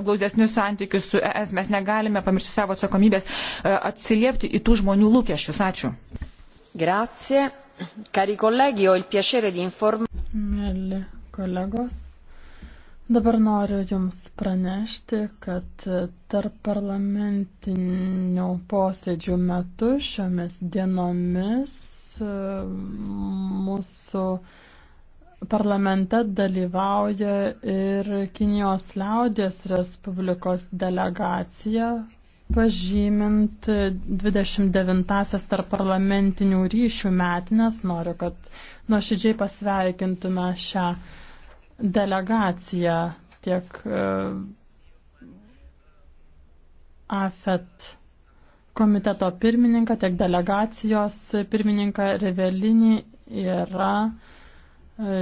glaudesnius santykius su ES. Mes negalime pamiršti savo atsakomybės e, atsiliepti į tų žmonių lūkesčius. Ačiū. Grazie. Cari colleghi, ho il piacere di informare. Mėly kolegos, dabar noriu Jums pranešti, kad tarp parlamentinių posėdžių metu šiomis dienomis e, mūsų Parlamente dalyvauja ir Kinijos liaudės Respublikos delegacija, pažymint 29-asias tarp parlamentinių ryšių metinės. Noriu, kad nuoširdžiai pasveikintume šią delegaciją tiek uh, AFET komiteto pirmininką, tiek delegacijos pirmininką Revelinį yra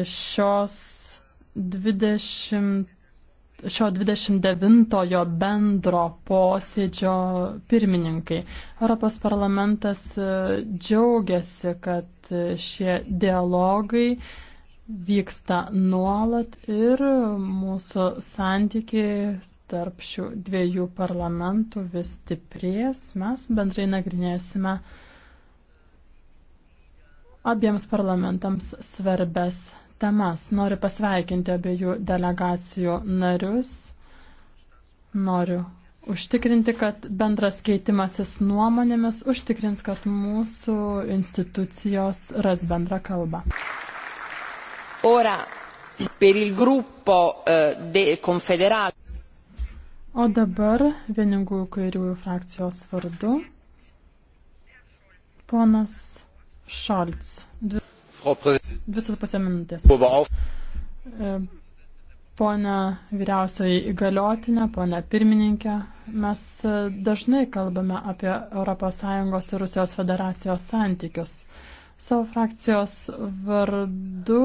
šios 20, šio 29-ojo bendro posėdžio pirmininkai. Europos parlamentas e, džiaugiasi, kad šie dialogai vyksta nuolat ir mūsų santykiai tarp šių dviejų parlamentų vis stiprės. Mes bendrai nagrinėsime abiems parlamentams svarbes temas. Noriu pasveikinti abiejų delegacijų narius. Noriu užtikrinti, kad bendras keitimasis nuomonėmis užtikrins, kad mūsų institucijos ras bendrą kalbą. Ora, per il gruppo eh, de confederal. O dabar vieningųjų kairiųjų frakcijos vardu ponas Šalts. Dvi... Visas pasimintis. E, pone vyriausioji įgaliotinė, pone pirmininkė, mes dažnai kalbame apie ES ir Rusijos federacijos santykius. Savo frakcijos vardu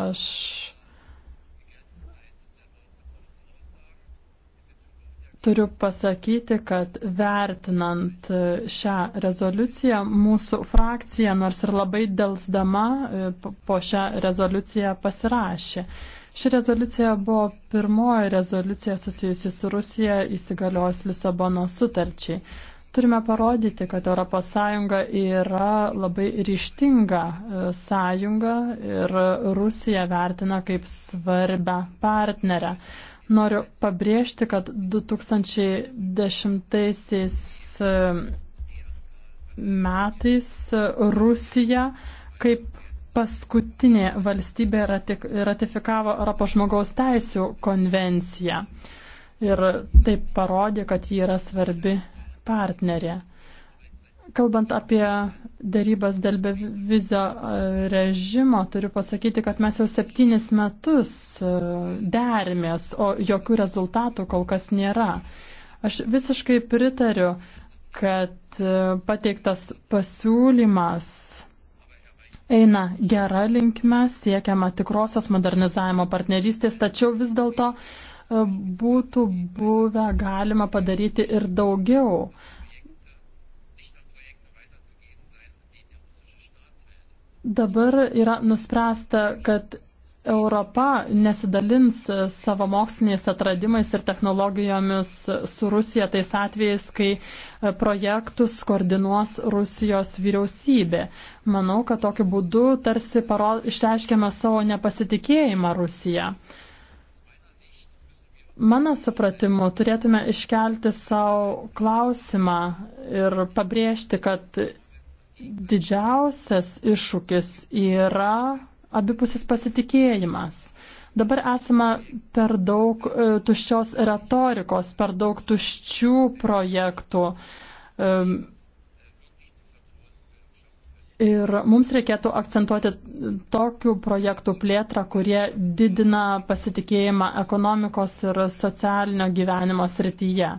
aš Turiu pasakyti, kad vertinant šią rezoliuciją, mūsų frakcija, nors ir labai dėlsdama, e, po šią rezoliuciją pasirašė. Ši rezoliucija buvo pirmoji rezoliucija susijusi su Rusija įsigalios Lisabono sutarčiai. Turime parodyti, kad ES yra labai ryštinga e, sąjunga ir Rusija vertina kaip svarbę partnerę. Noriu pabrėžti, kad 2010 e, metais Rusija kaip paskutinė valstybė ratifikavo Europos žmogaus teisų konvenciją. Ir tai parodė, kad ji yra svarbi partnerė. Kalbant apie darybas dėl bevizio e, režimo, turiu pasakyti, kad mes jau septynis metus e, derimės, o jokių rezultatų kol kas nėra. Aš visiškai pritariu, kad e, pateiktas pasiūlymas eina gera linkme, siekiama tikrosios modernizavimo partnerystės, tačiau vis dėlto būtų buvę galima padaryti ir daugiau. Dabar yra nuspręsta, kad Europa nesidalins savo moksliniais atradimais ir technologijomis su Rusija tais atvejais, kai e, projektus koordinuos Rusijos vyriausybė. Manau, kad tokiu būdu tarsi paro... išreiškiame savo nepasitikėjimą Rusiją. Mano supratimu, turėtume iškelti savo klausimą ir pabrėžti, kad didžiausias iššūkis yra abipusis pasitikėjimas. Dabar esame per daug e, tuščios retorikos, per daug tuščių projektų. Ir mums reikėtų akcentuoti tokių projektų plėtrą, kurie didina pasitikėjimą ekonomikos ir socialinio gyvenimo srityje.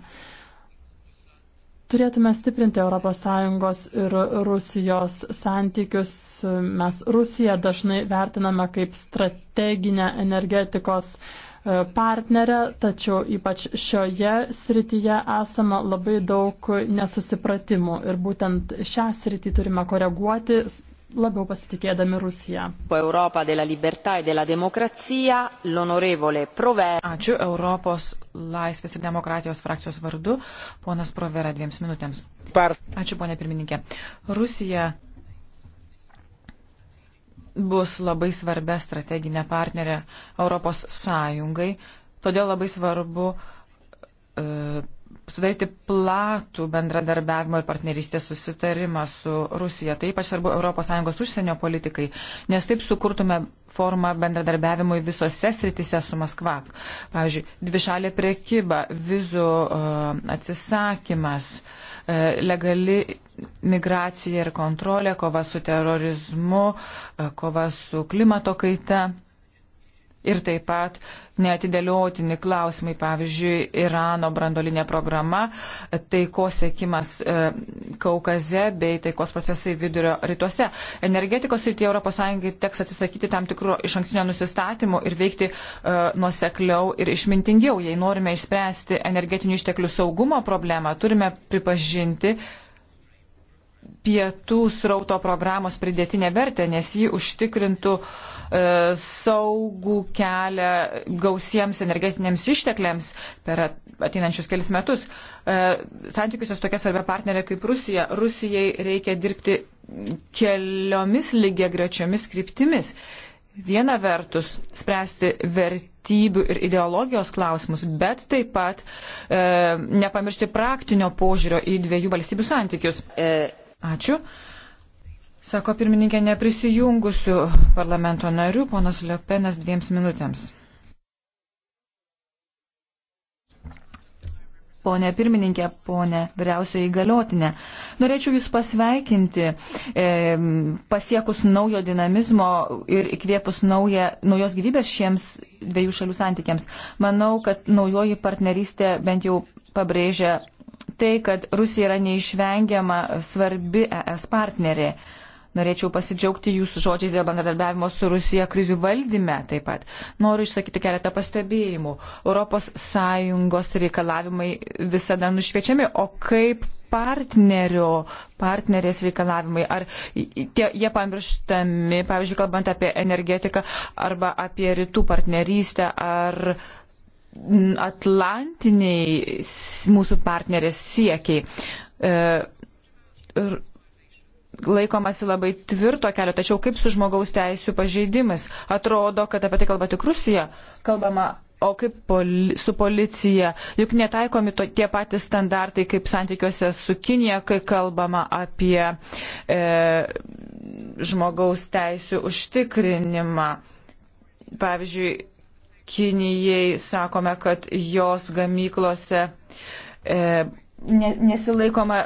Turėtume stiprinti ES ir Rusijos santykius. Mes Rusiją dažnai vertiname kaip strateginę energetikos e, partnerę, tačiau ypač šioje srityje esama labai daug nesusipratimų ir būtent šią sritį turime koreguoti, labiau pasitikėdami Rusiją. E Ačiū Europos laisvės ir demokratijos frakcijos vardu, ponas Provera dviems minutėms. Ačiū, ponė pirmininkė. Rusija bus labai svarbia strateginė partnerė Europos Sąjungai, todėl labai svarbu e, sudaryti platų bendradarbiavimo ir partnerystės susitarimą su Rusija. Tai ypač svarbu ES užsienio politikai, nes taip sukurtume formą bendradarbiavimui visose sritise su Maskva. Pavyzdžiui, dvišalė priekyba, vizų uh, atsisakymas, uh, legali migracija ir kontrolė, kova su terorizmu, uh, kova su klimato kaita ir taip pat neatidėliotini klausimai, pavyzdžiui, Irano brandolinė programa, taikos sėkimas e, Kaukaze bei taikos procesai vidurio rytuose. Energetikos srityje ES teks atsisakyti tam tikro iš ankstinio nusistatymo ir veikti e, nusekliau ir išmintingiau. Jei norime išspręsti energetinių išteklių saugumo problemą, turime pripažinti, pietų srauto programos pridėtinę vertę, nes ji užtikrintų uh, E, saugų kelią gausiems energetiniams ištekliams per ateinančius kelis metus. E, Santykiuose su tokia svarbia partnerė kaip Rusija, Rusijai reikia dirbti keliomis lygia grečiomis kryptimis. Viena vertus spręsti vertybių ir ideologijos klausimus, bet taip pat e, nepamiršti praktinio požiūrio į dviejų valstybių santykius. E. Ačiū. Sako pirmininkė neprisijungusių parlamento narių, ponas Lepenas dviems minutėms. Pone pirmininkė, pone vyriausioji įgaliotinė, norėčiau Jūs pasveikinti e, pasiekus naujo dinamizmo ir įkvėpus naują, naujos gyvybės šiems dviejų šalių santykiams. Manau, kad naujoji partnerystė bent jau pabrėžia tai, kad Rusija yra neišvengiama svarbi ES partnerė. E, Norėčiau pasidžiaugti jūsų žodžiais dėl bendradarbiavimo su Rusija krizių valdyme taip pat. Noriu išsakyti keletą pastebėjimų. ES reikalavimai visada nušviečiami, o kaip partnerio, partnerės reikalavimai, ar tie, jie pamirštami, pavyzdžiui, kalbant apie energetiką arba apie rytų partnerystę, ar atlantiniai mūsų partnerės siekiai. E, ir laikomasi labai tvirto kelio, tačiau kaip su žmogaus teisų pažeidimais? Atrodo, kad apie tai kalba tik Rusija, kalbama, o kaip poli, su policija, juk netaikomi to, tie patys standartai kaip santykiuose su Kinija, kai kalbama apie e, žmogaus teisų užtikrinimą. Pavyzdžiui, Kinijai sakome, kad jos gamyklose e, nesilaikoma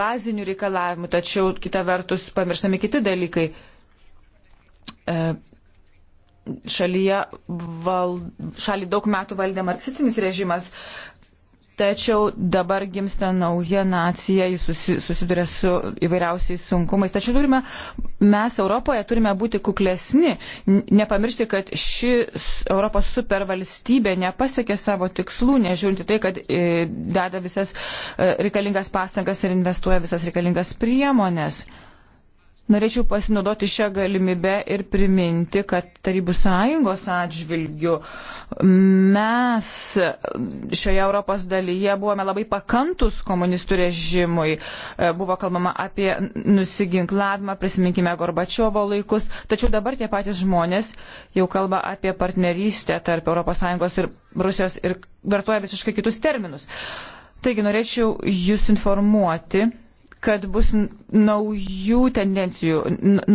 bazinių reikalavimų, tačiau kita vertus pamirštami kiti dalykai. E, šalyje val, šalį daug metų valdė marksicinis režimas, Tačiau dabar gimsta nauja nacija, jis susiduria su įvairiausiais sunkumais. Tačiau turime, mes Europoje turime būti kuklesni. Nepamiršti, kad ši Europos supervalstybė nepasiekė savo tikslų, nežiūrinti tai, kad e, deda visas e, reikalingas pastangas ir investuoja visas reikalingas priemonės. Norėčiau pasinaudoti šią galimybę ir priminti, kad Tarybų sąjungos atžvilgių mes šioje Europos dalyje buvome labai pakantus komunistų režimui. E, buvo kalbama apie nusiginklavimą, prisiminkime Gorbačiovo laikus, tačiau dabar tie patys žmonės jau kalba apie partnerystę tarp Europos sąjungos ir Rusijos ir vartoja visiškai kitus terminus. Taigi norėčiau jūs informuoti kad bus naujų tendencijų,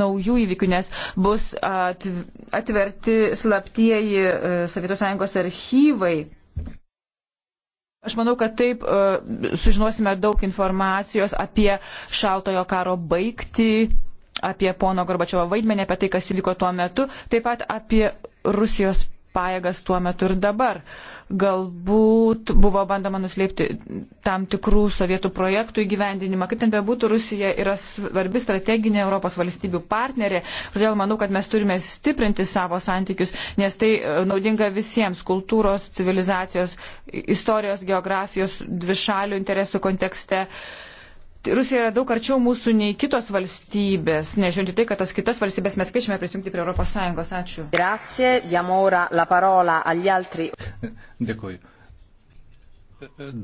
naujų įvykių, nes bus atverti slaptieji e, Sovietų Sąjungos archyvai. Aš manau, kad taip e, sužinosime daug informacijos apie šaltojo karo baigtį, apie pono Gorbačiovo vaidmenį, apie tai, kas įvyko tuo metu, taip pat apie Rusijos pajėgas tuo metu ir dabar. Galbūt buvo bandoma nuslėpti tam tikrų sovietų projektų įgyvendinimą. Kaip ten bebūtų, Rusija yra svarbi strateginė Europos valstybių partnerė. Todėl manau, kad mes turime stiprinti savo santykius, nes tai e, naudinga visiems kultūros, civilizacijos, istorijos, geografijos, dvišalių interesų kontekste. Uh, Rusija yra daug arčiau mūsų nei kitos valstybės, nežiūrint tai, kad tas kitas valstybės mes kviečiame prisijungti prie ES. Ačiū. Grazie, diamo ora la parola agli altri. Dėkuoju.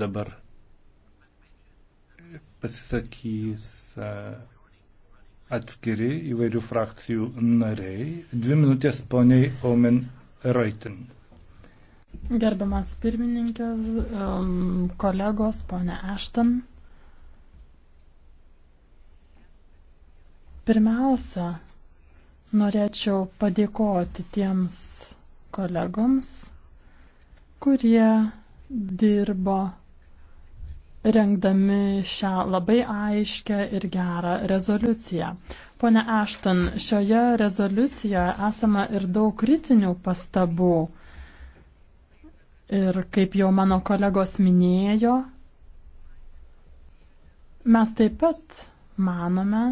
Dabar pasisakys atskiri įvairių frakcijų nariai. Dvi minutės poniai Omen Reutin. Gerbiamas pirmininkė, um, kolegos, ponė Ashton. Pirmiausia, norėčiau padėkoti tiems kolegoms, kurie dirbo rengdami šią labai aiškę ir gerą rezoliuciją. Pone Ašton, šioje rezoliucijoje esama ir daug kritinių pastabų. Ir kaip jau mano kolegos minėjo, mes taip pat manome,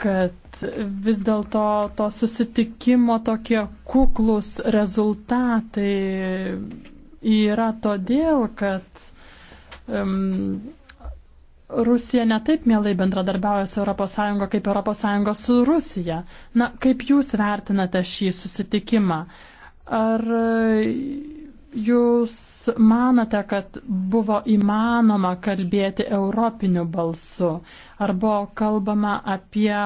kad vis dėlto to susitikimo tokie kuklus rezultatai yra todėl, kad um, Rusija netaip mielai bendradarbiauja su ES kaip ES su Rusija. Na, kaip Jūs vertinate šį susitikimą? Ar jūs manote, kad buvo įmanoma kalbėti europiniu balsu? Ar buvo kalbama apie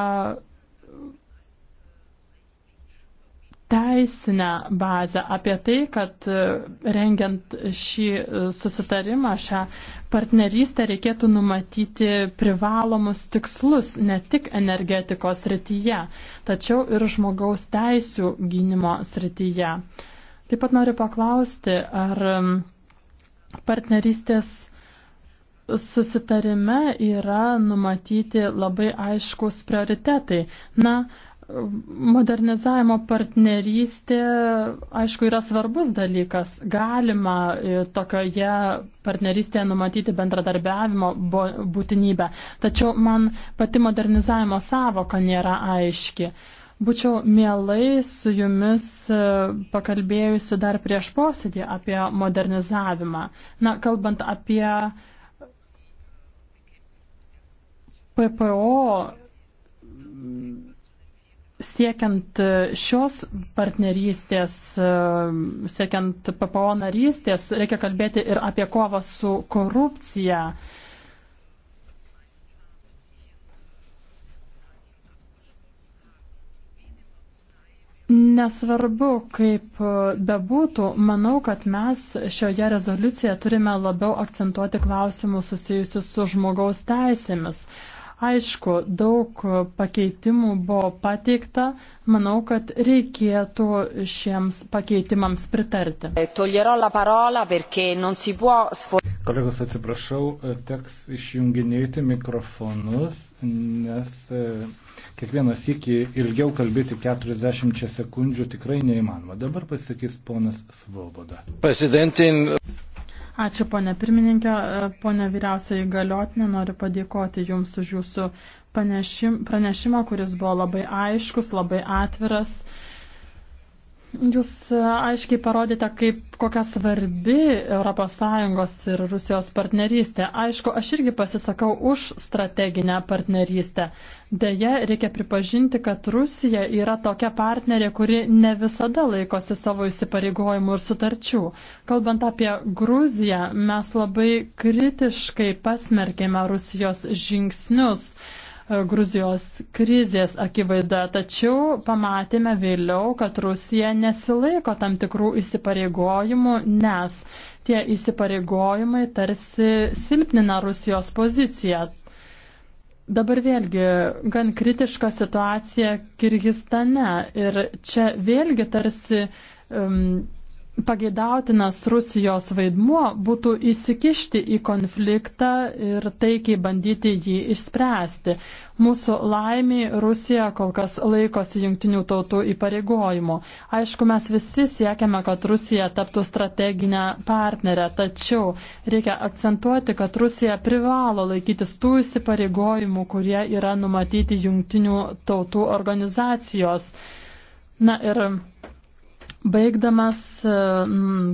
teisinę bazę, apie tai, kad e, rengiant šį susitarimą, šią partnerystę reikėtų numatyti privalomus tikslus ne tik energetikos srityje, tačiau ir žmogaus teisų gynimo srityje. Taip pat noriu paklausti, ar um, partnerystės susitarime yra numatyti labai aiškus prioritetai. Na, modernizavimo partnerystė, aišku, yra svarbus dalykas. Galima e, tokioje partnerystėje numatyti bendradarbiavimo būtinybę. Tačiau man pati modernizavimo savoka nėra aiški. Būčiau mielai su jumis e, pakalbėjusi dar prieš posėdį apie modernizavimą. Na, kalbant apie PPO siekiant šios partnerystės, e, siekiant PPO narystės, reikia kalbėti ir apie kovą su korupcija. Nesvarbu, kaip bebūtų, manau, kad mes šioje rezoliucijoje turime labiau akcentuoti klausimus susijusius su žmogaus teisėmis. Aišku, daug pakeitimų buvo pateikta, manau, kad reikėtų šiems pakeitimams pritarti. Kolegos, atsiprašau, e, teks išjunginėti mikrofonus, nes e, kiekvienas iki ilgiau kalbėti 40 sekundžių tikrai neįmanoma. Dabar pasakys ponas Svoboda. Presidentin. Ačiū, ponė pirmininkė. E, ponė vyriausiai galiotinė, noriu padėkoti Jums už Jūsų pranešimą, kuris buvo labai aiškus, labai atviras. Jūs e, aiškiai parodėte, kaip, kokia svarbi ES ir Rusijos partnerystė. Aišku, aš irgi pasisakau už strateginę partnerystę. Deja, reikia pripažinti, kad Rusija yra tokia partnerė, kuri ne visada laikosi savo įsipareigojimų ir sutarčių. Kalbant apie Gruziją, mes labai kritiškai pasmerkėme Rusijos žingsnius. Uh, E, Gruzijos krizės akivaizdoje, tačiau pamatėme vėliau, kad Rusija nesilaiko tam tikrų įsipareigojimų, nes tie įsipareigojimai tarsi silpnina Rusijos poziciją. Dabar vėlgi gan kritiška situacija Kirgistane ir čia vėlgi tarsi um, pageidautinas Rusijos vaidmuo būtų įsikišti į konfliktą ir taikiai bandyti jį išspręsti. Mūsų laimiai Rusija kol kas laikosi jungtinių tautų įpareigojimo. Aišku, mes visi siekiame, kad Rusija taptų strateginę partnerę, tačiau reikia akcentuoti, kad Rusija privalo laikytis tų įsipareigojimų, kurie yra numatyti jungtinių tautų organizacijos. Na ir Baigdamas, e,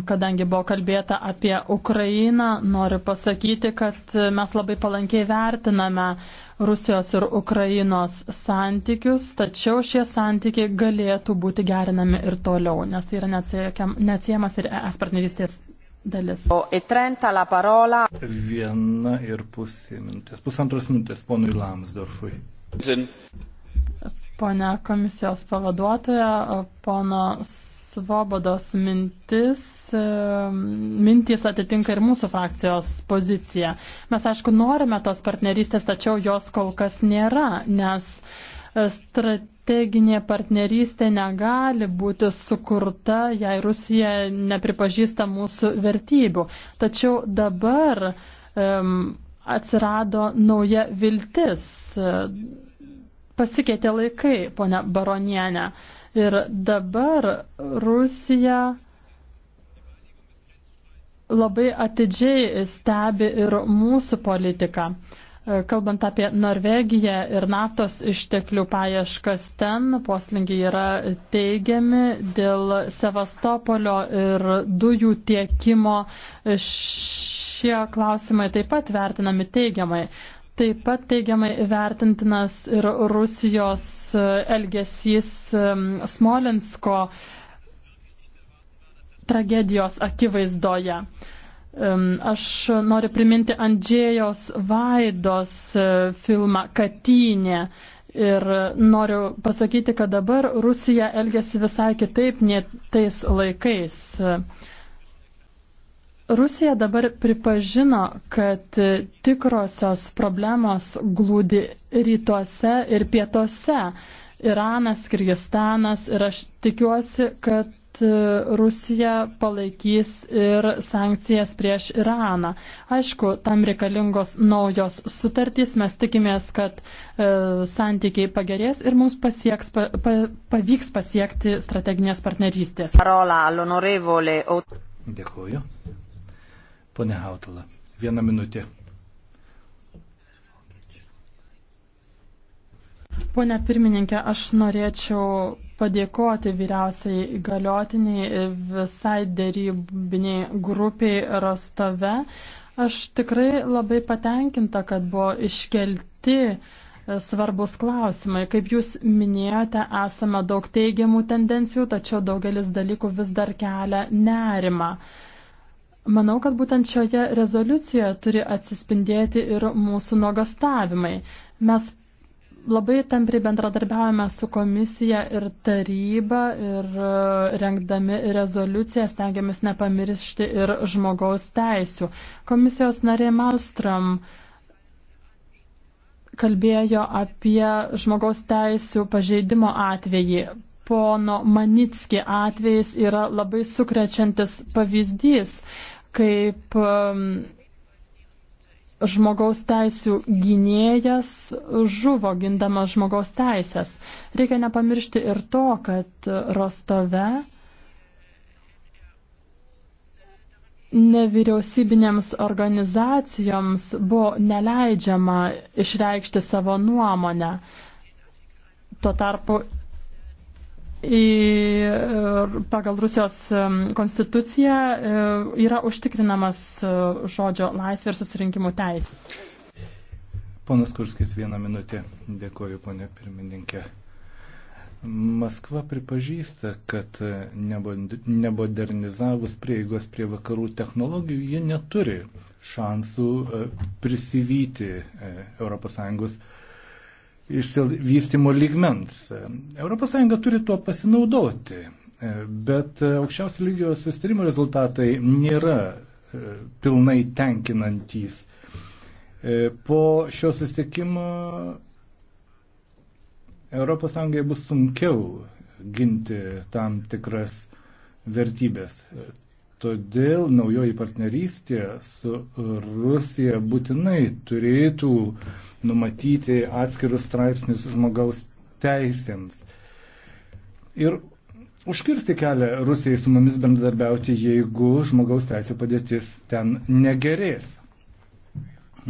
kadangi buvo kalbėta apie Ukrainą, noriu pasakyti, kad e, mes labai palankiai vertiname Rusijos ir Ukrainos santykius, tačiau šie santykiai galėtų būti gerinami ir toliau, nes tai yra neatsiemas ir es partnerystės dalis. O į Trentą la parola. Viena ir pusė minutės, pusantros minutės ponui Lamsdorfui. Pone komisijos pavaduotoja, pono Svobodos mintis, mintys atitinka ir mūsų frakcijos poziciją. Mes, aišku, norime tos partnerystės, tačiau jos kol kas nėra, nes e, strateginė partnerystė negali būti sukurta, jei Rusija nepripažįsta mūsų vertybių. Tačiau dabar um, atsirado nauja viltis. Uh, pasikeitė laikai, ponia Baronienė. Ir dabar Rusija labai atidžiai stebi ir mūsų politiką. Kalbant apie Norvegiją ir naftos išteklių paieškas ten, poslingiai yra teigiami dėl Sevastopolio ir dujų tiekimo. Šie klausimai taip pat vertinami teigiamai. Taip pat teigiamai vertintinas ir Rusijos e, elgesys e, Smolensko tragedijos akivaizdoje. E, aš noriu priminti Andžėjos Vaidos filmą Katynė. Ir noriu pasakyti, kad dabar Rusija elgesi visai kitaip nei tais laikais. Rusija dabar pripažino, kad tikrosios problemos glūdi rytuose ir pietuose. Iranas, Kirgistanas ir aš tikiuosi, kad Rusija palaikys ir sankcijas prieš Iraną. Aišku, tam reikalingos naujos sutartys, mes tikimės, kad e, santykiai pagerės ir mums pasieks, pa, pa, pavyks pasiekti strateginės partnerystės. Parola, Dėkuoju. Pone Hautala, vieną minutę. Pone pirmininkė, aš norėčiau padėkoti vyriausiai įgaliotiniai visai dėrybiniai grupiai Rostove. Aš tikrai labai patenkinta, kad buvo iškelti svarbus klausimai. Kaip jūs minėjote, esame daug teigiamų tendencijų, tačiau daugelis dalykų vis dar kelia nerimą. Manau, kad būtent šioje rezoliucijoje turi atsispindėti ir mūsų nuogastavimai. Mes labai tampriai bendradarbiavame su komisija ir taryba ir e, rengdami rezoliuciją stengiamės nepamiršti ir žmogaus teisių. Komisijos narė Malstram kalbėjo apie žmogaus teisių pažeidimo atvejį pono Manitski atvejis yra labai sukrečiantis pavyzdys kaip um, žmogaus teisų gynėjas žuvo gindamas žmogaus teisės. Reikia nepamiršti ir to, kad Rostove nevyriausybinėms organizacijoms buvo neleidžiama išreikšti savo nuomonę. Tuo tarpu Ir pagal Rusijos konstituciją e, yra užtikrinamas e, žodžio laisvė ir susirinkimų teisė. Ponas Kurskis, vieną minutę. Dėkoju, ponė pirmininkė. Maskva pripažįsta, kad e, nebodernizavus prieigos prie vakarų technologijų, jie neturi šansų prisivyti ES išsivystimo lygmens. ES turi tuo pasinaudoti, bet aukščiausio lygio sustarimo rezultatai nėra e, pilnai tenkinantys. E, po šio sustikimo ES bus sunkiau ginti tam tikras vertybės. Todėl naujoji partnerystė su Rusija būtinai turėtų numatyti atskirus straipsnius žmogaus teisėms. Ir užkirsti kelią Rusijai su mumis bendradarbiauti, jeigu žmogaus teisė padėtis ten negerės.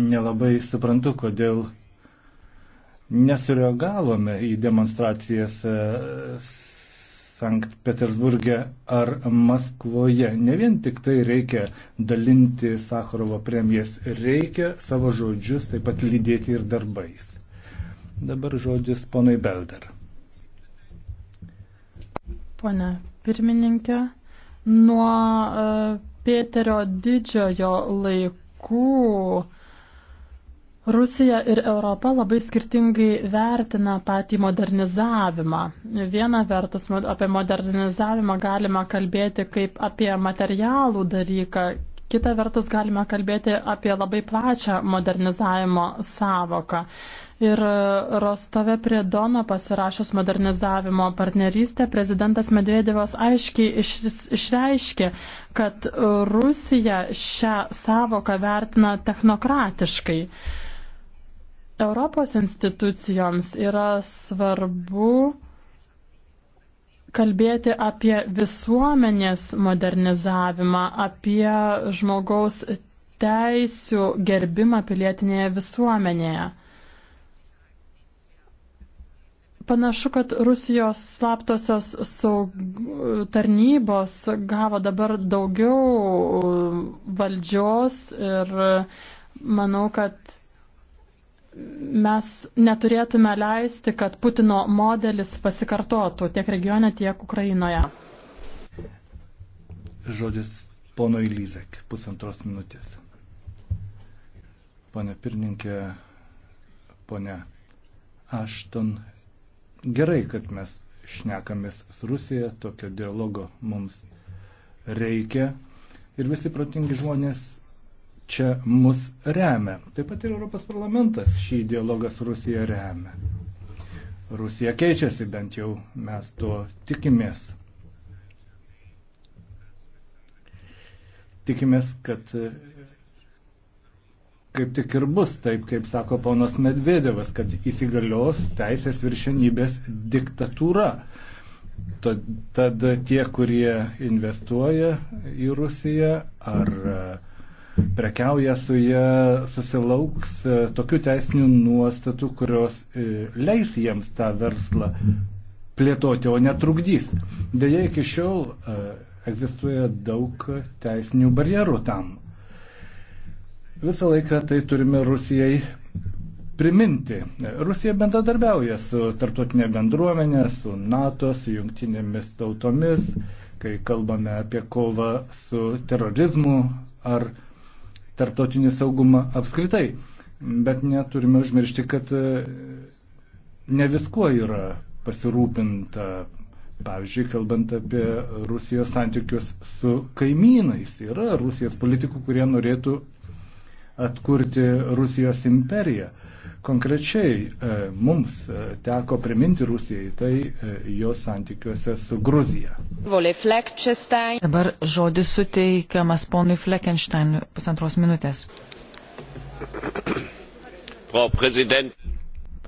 Nelabai suprantu, kodėl nesureagavome į demonstracijas Sankt Petersburgė ar Maskvoje. Ne vien tik tai reikia dalinti Sakharovo premijas, reikia savo žodžius taip pat lydėti ir darbais. Dabar žodis ponai Belder. Pone pirmininkė, nuo uh, Pėterio didžiojo laikų uh, Rusija ir Europa labai skirtingai vertina patį modernizavimą. Viena vertus apie modernizavimą galima kalbėti kaip apie materialų dalyką, kita vertus galima kalbėti apie labai plačią modernizavimo savoką. Ir Rostove prie Dono pasirašęs modernizavimo partnerystę prezidentas Medvedevas aiškiai iš, išreiškė, kad Rusija šią savoką vertina technokratiškai. Europos institucijoms yra svarbu kalbėti apie visuomenės modernizavimą, apie žmogaus teisių gerbimą pilietinėje visuomenėje. Panašu, kad Rusijos slaptosios saug... tarnybos gavo dabar daugiau valdžios ir manau, kad mes neturėtume leisti, kad Putino modelis pasikartotų tiek regione, tiek Ukrainoje. Žodis ponui Lyzek, pusantros minutės. Pone pirmininkė, pone Ašton, gerai, kad mes šnekamės su Rusija, tokio dialogo mums reikia. Ir visi protingi žmonės čia mus remia. Taip pat ir Europos parlamentas šį dialogą su Rusija remia. Rusija keičiasi, bent jau mes to tikimės. Tikimės, kad kaip tik ir bus taip, kaip sako ponas Medvedevas, kad įsigalios teisės viršenybės diktatūra. Tad, tad tie, kurie investuoja į Rusiją ar uh, prekiauja su ją, susilauks e, tokių teisinių nuostatų, kurios e, leis jiems tą verslą plėtoti, o netrukdys. Deja, iki šiol e, egzistuoja daug teisinių barjerų tam. Visą laiką tai turime Rusijai priminti. Rusija bendradarbiauja su tarptautinė bendruomenė, su NATO, su jungtinėmis tautomis, kai kalbame apie kovą su terorizmu ar tarptautinį saugumą apskritai. Bet neturime užmiršti, kad e, ne viskuo yra pasirūpinta. Pavyzdžiui, kalbant apie Rusijos santykius su kaimynais, yra Rusijos politikų, kurie norėtų atkurti Rusijos imperiją. Konkrečiai e, mums e, teko priminti Rusijai tai e, jos santykiuose su Gruzija. Dabar žodis suteikiamas ponui Fleckensteinui pusantros minutės.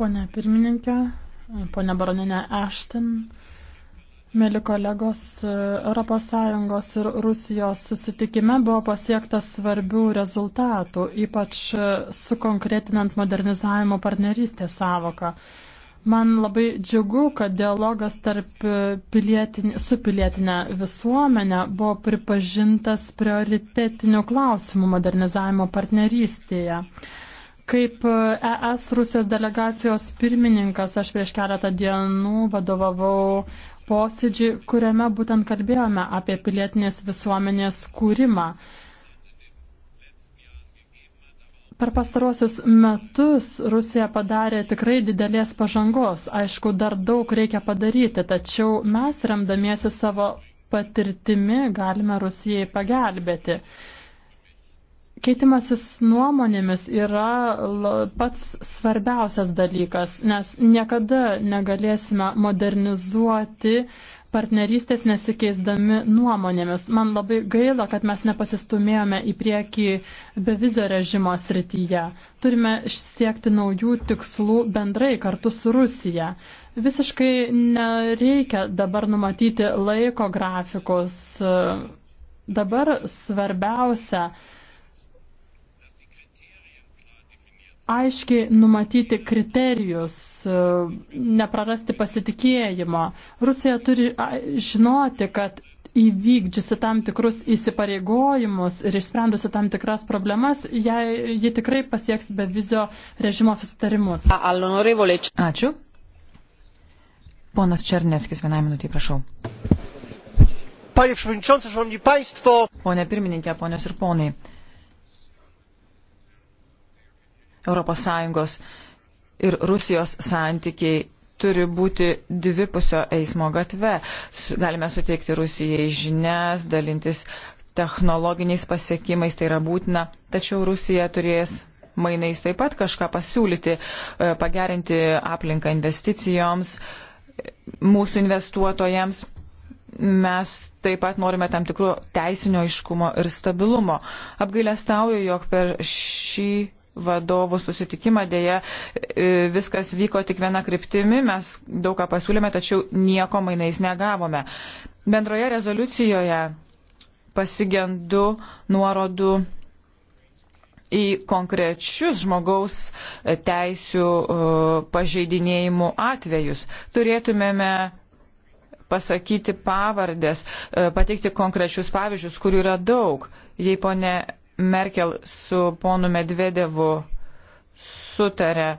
Pone pirmininkė, pone baroninė Ashton, Mėly kolegos, ES ir Rusijos susitikime buvo pasiektas svarbių rezultatų, ypač sukonkretinant modernizavimo partnerystės savoką. Man labai džiugu, kad dialogas tarp pilietinė, su pilietinė visuomenė buvo pripažintas prioritetiniu klausimu modernizavimo partnerystėje. Kaip ES Rusijos delegacijos pirmininkas aš prieš keletą dienų vadovavau posėdžį, kuriame būtent kalbėjome apie pilietinės visuomenės kūrimą. Per pastaruosius metus Rusija padarė tikrai didelės pažangos. Aišku, dar daug reikia padaryti, tačiau mes remdamiesi savo patirtimi galime Rusijai pagelbėti. Keitimasis nuomonėmis yra pats svarbiausias dalykas, nes niekada negalėsime modernizuoti partnerystės nesikeisdami nuomonėmis. Man labai gaila, kad mes nepasistumėjome į priekį bevizio režimo srityje. Turime siekti naujų tikslų bendrai kartu su Rusija. Visiškai nereikia dabar numatyti laiko grafikus. Dabar svarbiausia aiškiai numatyti kriterijus, e, neprarasti pasitikėjimo. Rusija turi žinoti, kad įvykdžiusi tam tikrus įsipareigojimus ir išsprendusi tam tikras problemas, jei, jie tikrai pasieks be vizio režimo susitarimus. Ačiū. Ponas Černeskis, vieną minutį, prašau. Panie pirmininkė, ponios ir ponai. ES ir Rusijos santykiai turi būti dvipusio eismo gatve. Galime suteikti Rusijai žinias, dalintis technologiniais pasiekimais, tai yra būtina, tačiau Rusija turės mainais taip pat kažką pasiūlyti, e, pagerinti aplinką investicijoms, mūsų investuotojams. Mes taip pat norime tam tikrų teisinio iškumo ir stabilumo. Apgailestauju, jog per šį vadovų susitikimą, dėja e, viskas vyko tik viena kryptimi, mes daug ką pasiūlėme, tačiau nieko mainais negavome. Bendroje rezoliucijoje pasigendu nuorodų į konkrečius žmogaus teisių e, pažeidinėjimų atvejus. Turėtumėme pasakyti pavardės, e, pateikti konkrečius pavyzdžius, kurių yra daug. Jei ponė Merkel su ponu Medvedevu sutarė,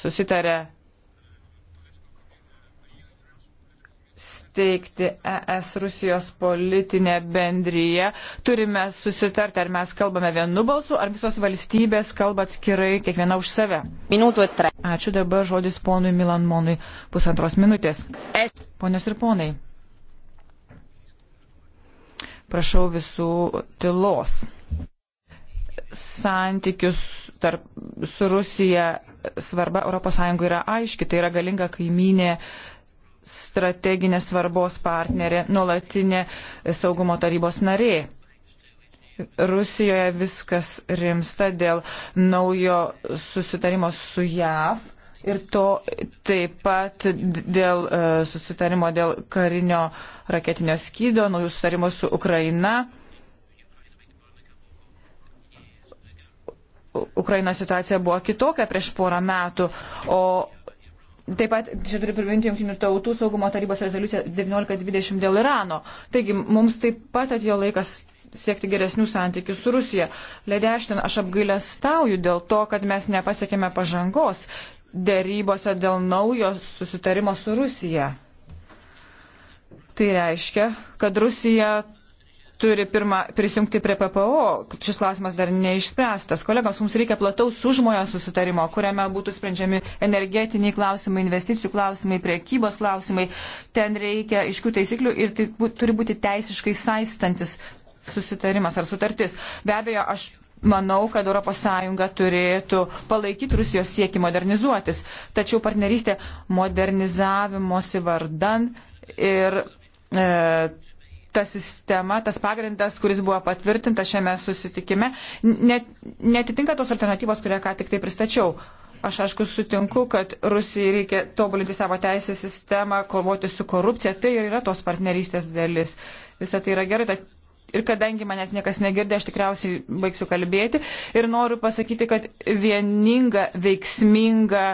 susitarė steigti ES Rusijos politinę bendryje, turime susitarti, ar mes kalbame vienu balsu, ar visos valstybės kalba atskirai, kiekviena už save. Ačiū dabar žodis ponui Milan Monui pusantros minutės. Ponios ir ponai. Prašau visų tylos. Santykius tarp, su Rusija svarba ES yra aiški, tai yra galinga kaiminė strateginės svarbos partnerė, nuolatinė saugumo tarybos narė. Rusijoje viskas rimsta dėl naujo susitarimo su JAV ir to taip pat dėl e, susitarimo dėl karinio raketinio skydo, naujų susitarimų su Ukraina. Ukrainos situacija buvo kitokia prieš porą metų, o taip pat čia turiu priminti Junktinių tautų saugumo tarybos rezoliuciją 1920 dėl Irano. Taigi mums taip pat atėjo laikas siekti geresnių santykių su Rusija. Ledeštin, aš apgailę stauju dėl to, kad mes nepasiekėme pažangos dėrybose dėl naujo susitarimo su Rusija. Tai reiškia, kad Rusija turi pirmą prisijungti prie PPO. Šis klausimas dar neišspręstas. Kolegams, mums reikia plataus užmojo susitarimo, kuriame būtų sprendžiami energetiniai klausimai, investicijų klausimai, priekybos klausimai. Ten reikia iškių taisyklių ir tai bu, turi būti teisiškai saistantis susitarimas ar sutartis. Be abejo, aš manau, kad ES turėtų palaikyti Rusijos siekį modernizuotis. Tačiau partnerystė modernizavimosi vardan ir e, ta sistema, tas pagrindas, kuris buvo patvirtintas šiame susitikime, net, netitinka tos alternatyvos, kurią ką tik tai pristačiau. Aš aišku sutinku, kad Rusijai reikia tobulinti savo teisę sistemą, kovoti su korupcija, tai ir yra tos partnerystės dalis. Visą tai yra gerai, ir kadangi manęs niekas negirdė, aš tikriausiai baigsiu kalbėti ir noriu pasakyti, kad vieninga, veiksminga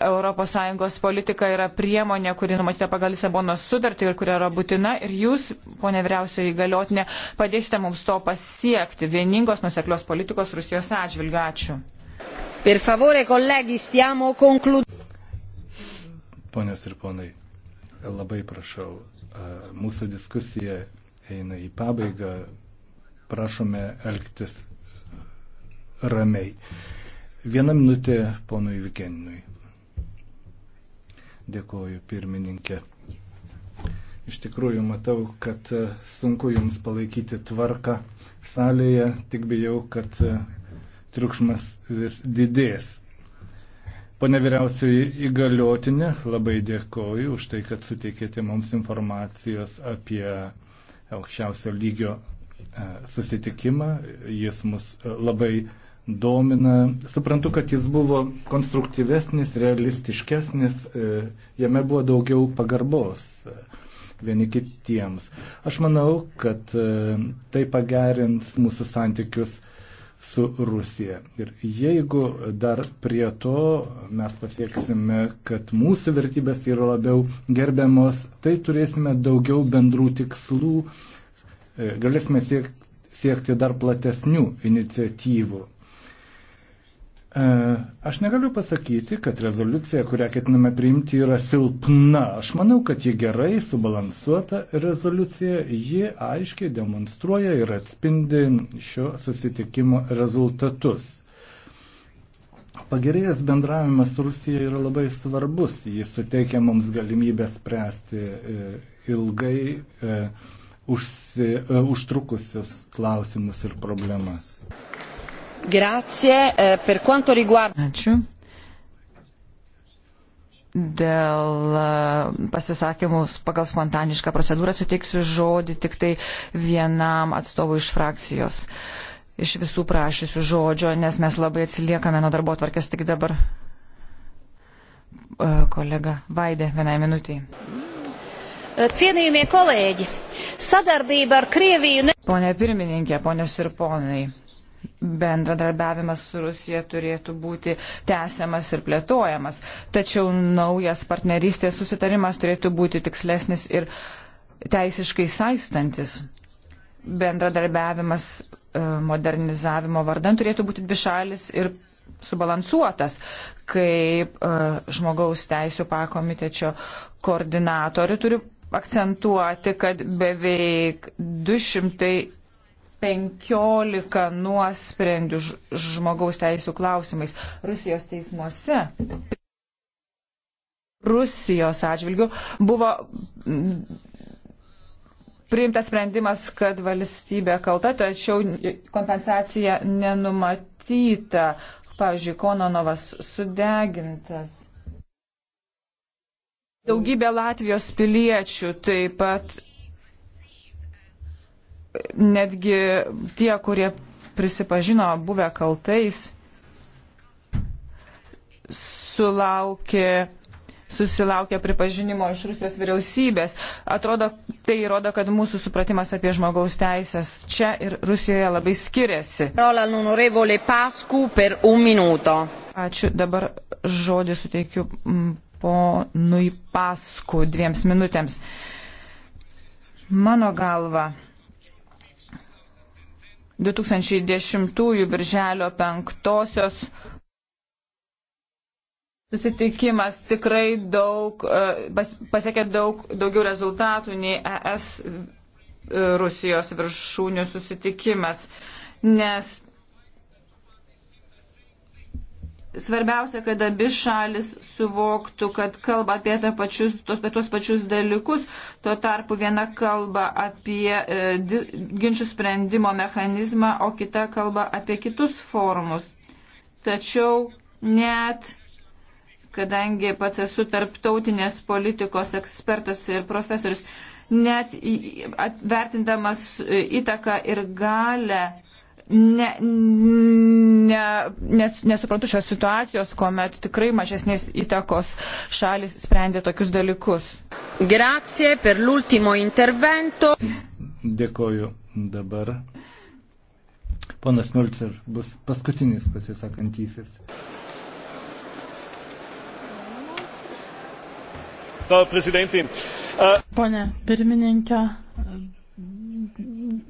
ES politika yra priemonė, kuri numatyta pagal Lisabonos sudartį ir kuri yra būtina ir jūs, ponė vyriausioji galiotinė, padėsite mums to pasiekti vieningos nuseklios politikos Rusijos atžvilgiu. Ačiū. Per favore, kolegi, stiamo concludendo. Ponios ir ponai, labai prašau, mūsų diskusija eina į pabaigą, prašome elgtis ramiai. Vieną minutę ponui Vikeninui. Dėkuoju pirmininkė. Iš tikrųjų matau, kad e, sunku jums palaikyti tvarką salėje, tik bijau, kad e, triukšmas vis didės. Pane vyriausiai įgaliotinė, labai dėkoju už tai, kad suteikėte mums informacijos apie aukščiausio lygio e, susitikimą. Jis mus e, labai domina. Suprantu, kad jis buvo konstruktyvesnis, realistiškesnis, e, jame buvo daugiau pagarbos vieni kitiems. Aš manau, kad tai pagerins mūsų santykius su Rusija. Ir jeigu dar prie to mes pasieksime, kad mūsų vertybės yra labiau gerbiamos, tai turėsime daugiau bendrų tikslų, e, galėsime siekti siekti dar platesnių iniciatyvų. E, aš negaliu pasakyti, kad rezoliucija, kurią ketiname priimti, yra silpna. Aš manau, kad ji gerai subalansuota rezoliucija, ji aiškiai demonstruoja ir atspindi šio susitikimo rezultatus. Pagerėjęs bendravimas su Rusija yra labai svarbus, jis suteikia mums galimybę spręsti e, ilgai e, užsi, užtrukusius klausimus ir problemas. Grazie. Eh, per quanto riguarda. Ačiū. Dėl e, pasisakymų pagal spontanišką procedūrą suteiksiu žodį tik tai vienam atstovui iš frakcijos. Iš visų prašysiu žodžio, nes mes labai atsiliekame nuo darbo tvarkės tik dabar. E, kolega Vaidė, vienai minutiai. E, Cienījumie kolēģi, sadarbība ar Krieviju. Ne... Pone pirmininkė, ponios ir ponai bendradarbiavimas su Rusija turėtų būti tęsiamas ir plėtojamas. Tačiau naujas partnerystės susitarimas turėtų būti tikslesnis ir teisiškai saistantis. Bendradarbiavimas e, modernizavimo vardan turėtų būti dvišalis ir subalansuotas, kaip e, žmogaus teisų pakomitečio koordinatorių turiu akcentuoti, kad beveik 200 15 nuosprendžių žmogaus teisų klausimais Rusijos teismuose. Rusijos atžvilgių buvo mm, priimtas sprendimas, kad valstybė kalta, tačiau kompensacija nenumatyta. Pavyzdžiui, Kononovas sudegintas. Daugybė Latvijos piliečių taip pat netgi tie, kurie prisipažino buvę kaltais, sulaukė susilaukė pripažinimo iš Rusijos vyriausybės. Atrodo, tai įrodo, kad mūsų supratimas apie žmogaus teisės čia ir Rusijoje labai skiriasi. Ačiū. Dabar žodį suteikiu mm, ponui Pasku dviems minutėms. Mano galva, 2010 birželio 5-osios susitikimas tikrai daug, e, pasiekė daug, daugiau rezultatų nei ES Rusijos viršūnių susitikimas, nes Svarbiausia, kad abi šalis suvoktų, kad kalba apie, pačius, tos, apie tos pačius dalykus, tuo tarpu viena kalba apie e, di, ginčių sprendimo mechanizmą, o kita kalba apie kitus forumus. Tačiau net, kadangi pats esu tarptautinės politikos ekspertas ir profesorius, net vertindamas e, įtaką ir galę ne, ne, nes, nesuprantu šios situacijos, kuomet tikrai mažesnės įtakos šalis sprendė tokius dalykus. Grazie per l'ultimo intervento. Dėkoju dabar. Ponas Milcer bus paskutinis pasisakantysis. Frau Präsidentin. Äh, Pone pirmininkė,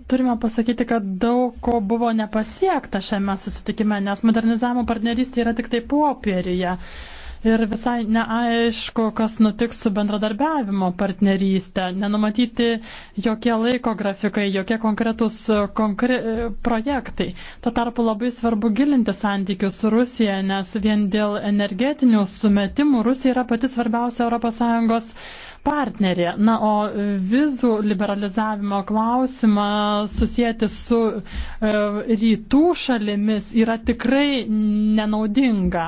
turime pasakyti, kad daug ko buvo nepasiekta šiame susitikime, nes modernizavimo partnerystė yra tik tai popieriuje. Ir visai neaišku, kas nutiks su bendradarbiavimo partnerystė. Nenumatyti jokie laiko grafikai, jokie konkretūs konkre projektai. Tuo tarpu labai svarbu gilinti santykius su Rusija, nes vien dėl energetinių sumetimų Rusija yra pati svarbiausia ES partnerė. Na, o vizų liberalizavimo klausimą susijęti su e, rytų šalimis yra tikrai nenaudinga.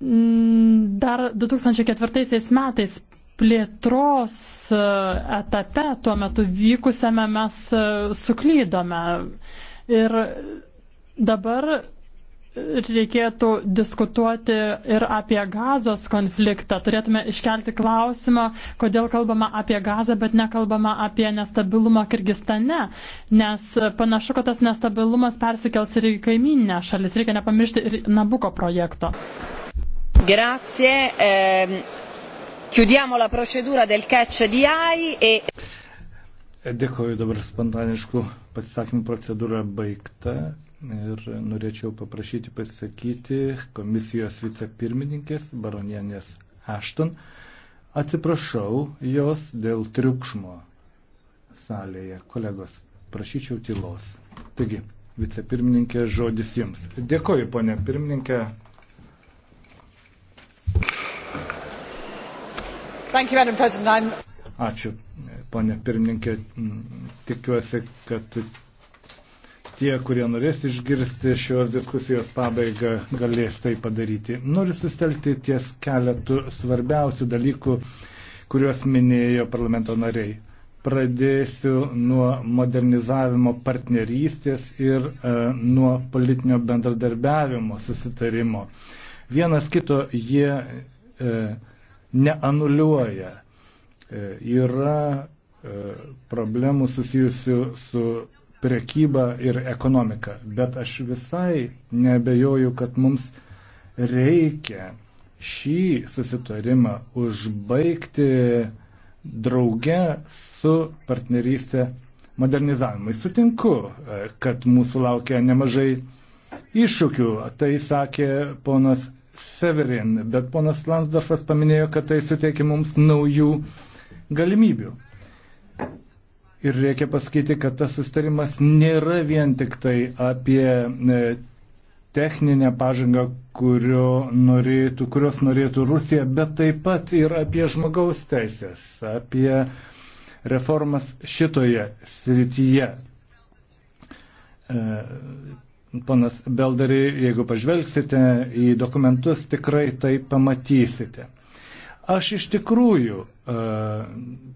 Mm, dar 2004 metais plėtros e, etape tuo metu vykusiame mes e, suklydome. Ir dabar reikėtų diskutuoti ir apie gazos konfliktą. Turėtume iškelti klausimą, kodėl kalbama apie gazą, bet nekalbama apie nestabilumą Kirgistane, nes panašu, kad tas nestabilumas persikels ir į kaiminę šalis. Reikia nepamiršti ir Nabuko projekto. Grazie. Eh, chiudiamo la procedura del catch di AI e... Dėkoju, dabar spontaniškų pasisakymų procedūra baigta ir norėčiau paprašyti pasisakyti komisijos vicepirmininkės baronienės Ashton. Atsiprašau jos dėl triukšmo salėje. Kolegos, prašyčiau tylos. Taigi, vicepirmininkė, žodis jums. Dėkoju, ponė pirmininkė. Thank you, Madam President. I'm... Ačiū, ponė pirmininkė. Tikiuosi, kad Tie, kurie norės išgirsti šios diskusijos pabaigą, galės tai padaryti. Noriu sustelti ties keletų svarbiausių dalykų, kuriuos minėjo parlamento nariai. Pradėsiu nuo modernizavimo partnerystės ir e, nuo politinio bendradarbiavimo susitarimo. Vienas kito jie e, neanuliuoja. E, yra e, problemų susijusių su prekybą ir ekonomiką. Bet aš visai nebejoju, kad mums reikia šį susitarimą užbaigti drauge su partnerystė modernizavimui. Sutinku, e, kad mūsų laukia nemažai iššūkių, tai sakė ponas Severin, bet ponas Lansdorfas paminėjo, kad tai suteikia mums naujų galimybių. Ir reikia pasakyti, kad tas sustarimas nėra vien tik tai apie e, techninę pažangą, kurio norėtų, kurios norėtų Rusija, bet taip pat ir apie žmogaus teisės, apie reformas šitoje srityje. E, Panas Belderi, jeigu pažvelgsite į dokumentus, tikrai tai pamatysite. Aš iš tikrųjų e,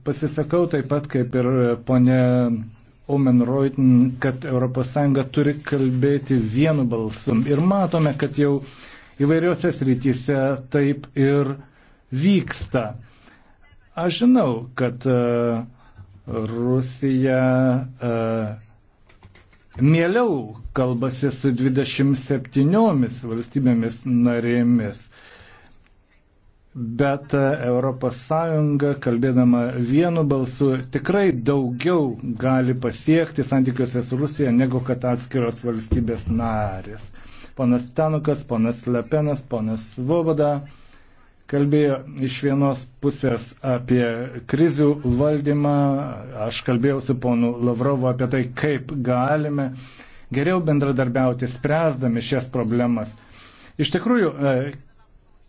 pasisakau taip pat kaip ir e, ponė Omen Reuten, kad ES turi kalbėti vienu balsu. Ir matome, kad jau įvairiuose srityse taip ir vyksta. Aš žinau, kad e, Rusija mieliau kalbasi su 27 valstybėmis narėmis bet ES, kalbėdama vienu balsu, tikrai daugiau gali pasiekti santykiuose su Rusija, negu kad atskiros valstybės narės. Ponas Tanukas, ponas Lepenas, ponas Svoboda kalbėjo iš vienos pusės apie krizių valdymą, aš kalbėjau su ponu Lavrovu apie tai, kaip galime geriau bendradarbiauti, spręsdami šias problemas. Iš tikrųjų, e,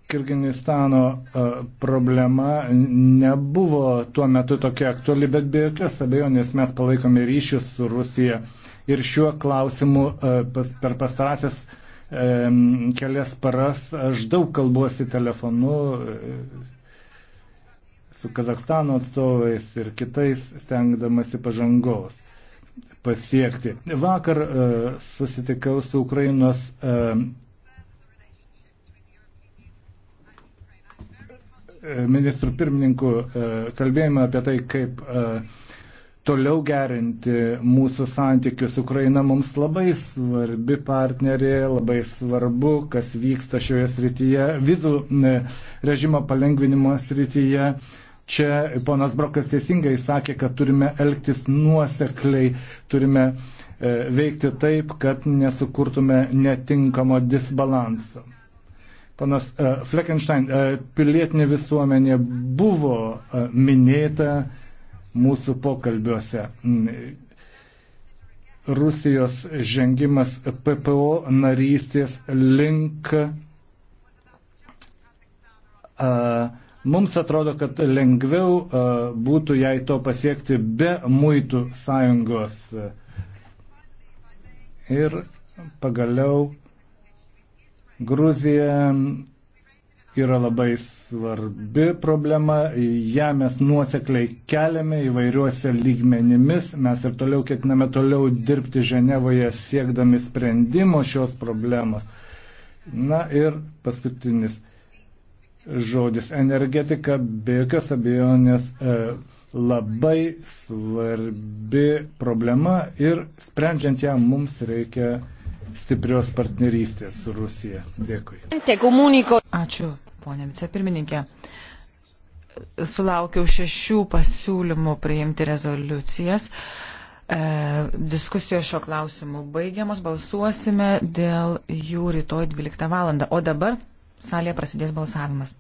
Kirginistano e, problema nebuvo tuo metu tokia aktuali, bet be jokios abejonės mes palaikome ryšius su Rusija ir šiuo klausimu e, per pastarasias e, kelias paras aš daug kalbuosi telefonu su Kazakstano atstovais ir kitais stengdamasi pažangos pasiekti. Vakar susitikau su Ukrainos ministrų pirmininkų e, kalbėjome apie tai, kaip e, toliau gerinti mūsų santykius. Ukraina mums labai svarbi partnerė, labai svarbu, kas vyksta šioje srityje, vizų e, režimo palengvinimo srityje. Čia ponas Brokas teisingai sakė, kad turime elgtis nuosekliai, turime veikti taip, kad nesukurtume netinkamo disbalanso. Panas e, Fleckenstein, e, pilietinė visuomenė buvo e, minėta mūsų pokalbiuose. Mm, Rusijos žengimas PPO narystės link. Mums atrodo, kad lengviau būtų jai to pasiekti be muitų sąjungos. Ir pagaliau Gruzija yra labai svarbi problema, ją mes nuosekliai keliame įvairiuose lygmenimis, mes ir toliau ketiname toliau dirbti Ženevoje siekdami sprendimo šios problemos. Na ir paskutinis žodis - energetika, be jokios abejonės e, labai svarbi problema ir sprendžiant ją mums reikia stiprios partnerystės su Rusija. Dėkui. Ačiū, ponė vicepirmininkė. Sulaukiau šešių pasiūlymų priimti rezoliucijas. E, diskusijos šio klausimu baigiamos, balsuosime dėl jų rytoj 12 val. O dabar salėje prasidės balsavimas.